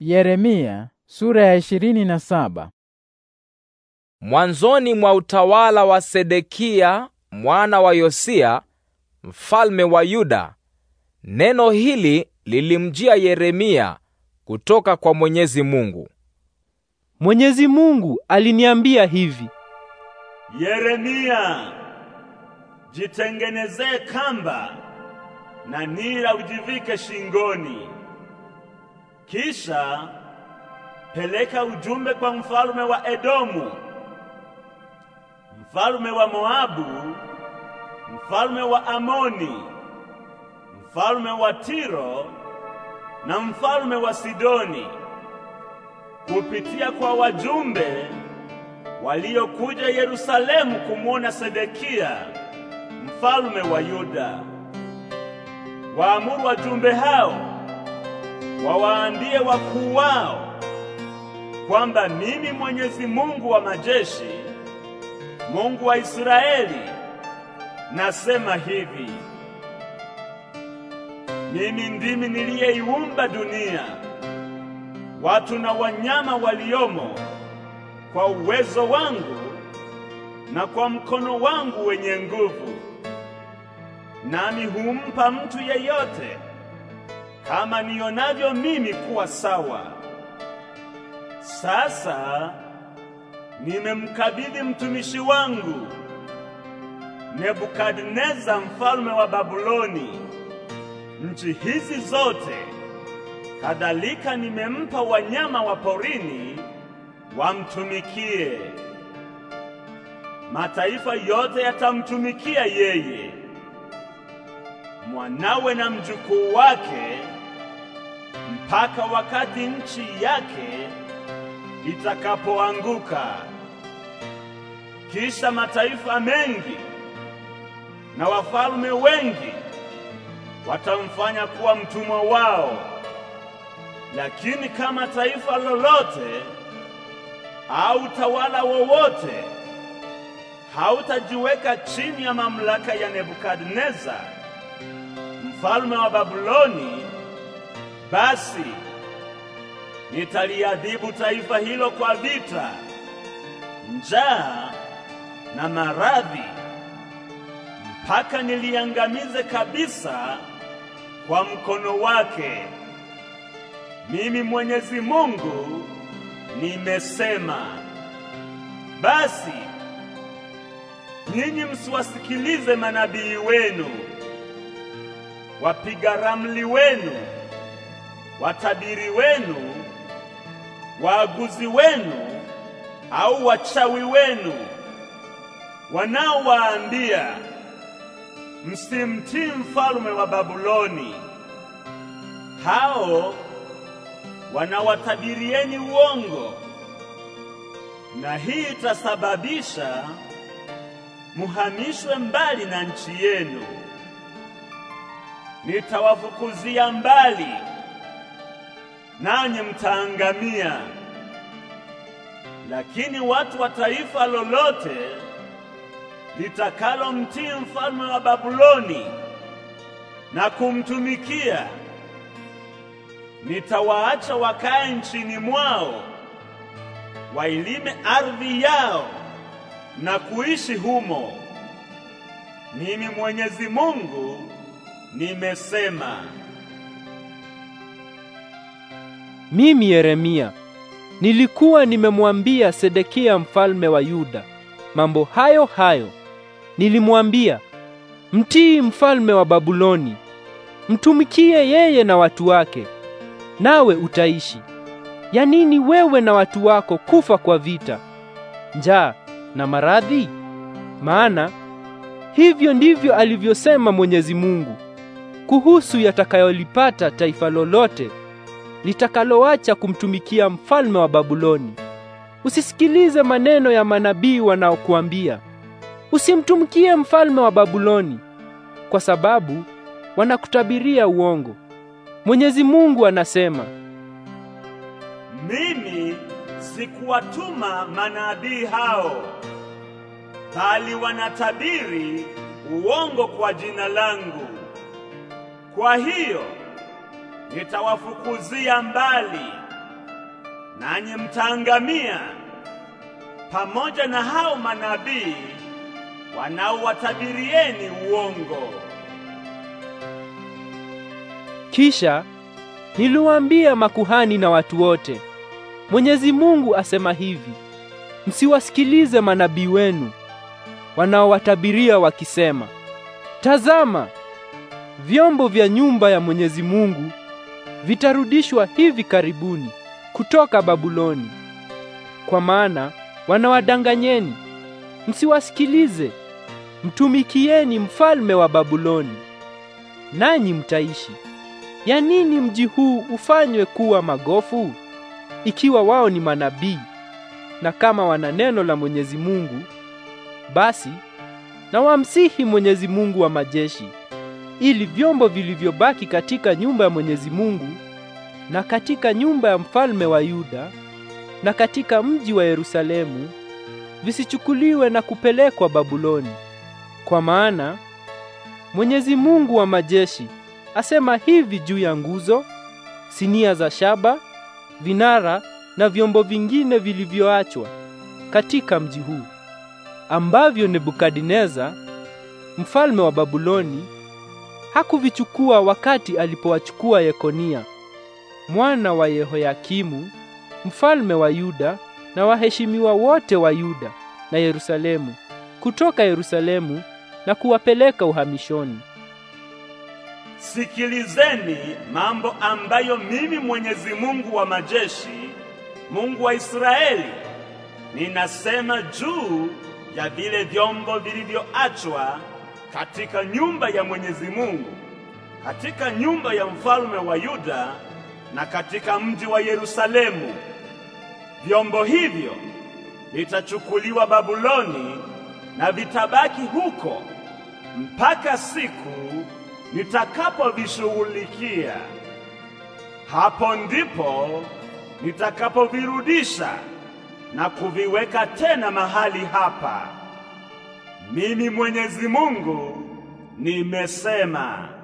Yeremia sura ya na saba. Mwanzoni mwa utawala wa Sedekia mwana wa Yosia mfalme wa Yuda, neno hili lilimjia Yeremia kutoka kwa Mwenyezi Mungu. Mwenyezi Mungu aliniambia hivi: Yeremia, jitengenezee kamba na nira ujivike shingoni kisha peleka ujumbe kwa mfalme wa Edomu, mfalme wa Moabu, mfalme wa Amoni, mfalme wa Tiro na mfalme wa Sidoni kupitia kwa wajumbe waliokuja Yerusalemu kumwona Sedekia mfalme wa Yuda. Waamuru wajumbe hao wawaambie wakuu wao kwamba mimi Mwenyezi Mungu wa majeshi, Mungu wa Israeli, nasema hivi: mimi ndimi niliyeiumba dunia, watu na wanyama waliomo, kwa uwezo wangu na kwa mkono wangu wenye nguvu, nami humpa mtu yeyote kama nionavyo mimi kuwa sawa. Sasa nimemkabidhi mtumishi wangu Nebukadneza mfalme wa Babuloni nchi hizi zote, kadhalika nimempa wanyama wa porini wamtumikie. Mataifa yote yatamtumikia yeye, mwanawe na mjukuu wake mpaka wakati nchi yake itakapoanguka. Kisha mataifa mengi na wafalme wengi watamfanya kuwa mtumwa wao, lakini kama taifa lolote au tawala wowote hautajiweka chini ya mamlaka ya Nebukadneza mfalme wa Babuloni basi nitaliadhibu taifa hilo kwa vita, njaa na maradhi, mpaka niliangamize kabisa kwa mkono wake. Mimi Mwenyezi Mungu nimesema. Basi nyinyi msiwasikilize manabii wenu, wapiga ramli wenu watabiri wenu, waaguzi wenu au wachawi wenu wanaowaambia msimtii mfalme wa Babuloni. Hao wanawatabirieni uongo, na hii itasababisha muhamishwe mbali na nchi yenu. Nitawafukuzia mbali nanyi mtaangamia. Lakini watu wa taifa lolote litakalomtii mfalme wa Babuloni na kumtumikia, nitawaacha wakae nchini mwao, wailime ardhi yao na kuishi humo. Mimi Mwenyezi Mungu nimesema. Mimi Yeremia nilikuwa nimemwambia Sedekia mfalme wa Yuda mambo hayo hayo. Nilimwambia, mtii mfalme wa Babuloni, mtumikie yeye na watu wake, nawe utaishi. Ya nini wewe na watu wako kufa kwa vita, njaa na maradhi? Maana hivyo ndivyo alivyosema Mwenyezi Mungu kuhusu yatakayolipata taifa lolote litakaloacha kumtumikia mfalme wa Babuloni. Usisikilize maneno ya manabii wanaokuambia, usimtumikie mfalme wa Babuloni, kwa sababu wanakutabiria uongo. Mwenyezi Mungu anasema, mimi sikuwatuma manabii hao, bali wanatabiri uongo kwa jina langu. Kwa hiyo nitawafukuzia mbali, nanyi mtaangamia pamoja na hao manabii wanaowatabirieni uongo. Kisha niliwaambia makuhani na watu wote, Mwenyezi Mungu asema hivi: msiwasikilize manabii wenu wanaowatabiria wakisema, tazama vyombo vya nyumba ya Mwenyezi Mungu vitarudishwa hivi karibuni kutoka Babuloni. Kwa maana wanawadanganyeni, msiwasikilize. Mtumikieni mfalme wa Babuloni, nanyi mtaishi. Ya nini mji huu ufanywe kuwa magofu, ikiwa wao ni manabii na kama wana neno la Mwenyezi Mungu? Basi na wamsihi Mwenyezi Mungu wa majeshi ili vyombo vilivyobaki katika nyumba ya Mwenyezi Mungu na katika nyumba ya mfalme wa Yuda na katika mji wa Yerusalemu visichukuliwe na kupelekwa Babuloni. Kwa maana Mwenyezi Mungu wa majeshi asema hivi juu ya nguzo, sinia za shaba, vinara na vyombo vingine vilivyoachwa katika mji huu ambavyo Nebukadineza mfalme wa Babuloni hakuvichukua wakati alipowachukua Yekonia mwana wa Yehoyakimu mfalme wa Yuda na waheshimiwa wote wa Yuda na Yerusalemu kutoka Yerusalemu na kuwapeleka uhamishoni. Sikilizeni mambo ambayo mimi Mwenyezi Mungu wa majeshi, Mungu wa Israeli, ninasema juu ya vile vyombo vilivyoachwa katika nyumba ya Mwenyezi Mungu, katika nyumba ya mfalme wa Yuda na katika mji wa Yerusalemu. Vyombo hivyo vitachukuliwa Babuloni na vitabaki huko mpaka siku nitakapovishughulikia. Hapo ndipo nitakapovirudisha na kuviweka tena mahali hapa. Mimi Mwenyezi Mungu nimesema.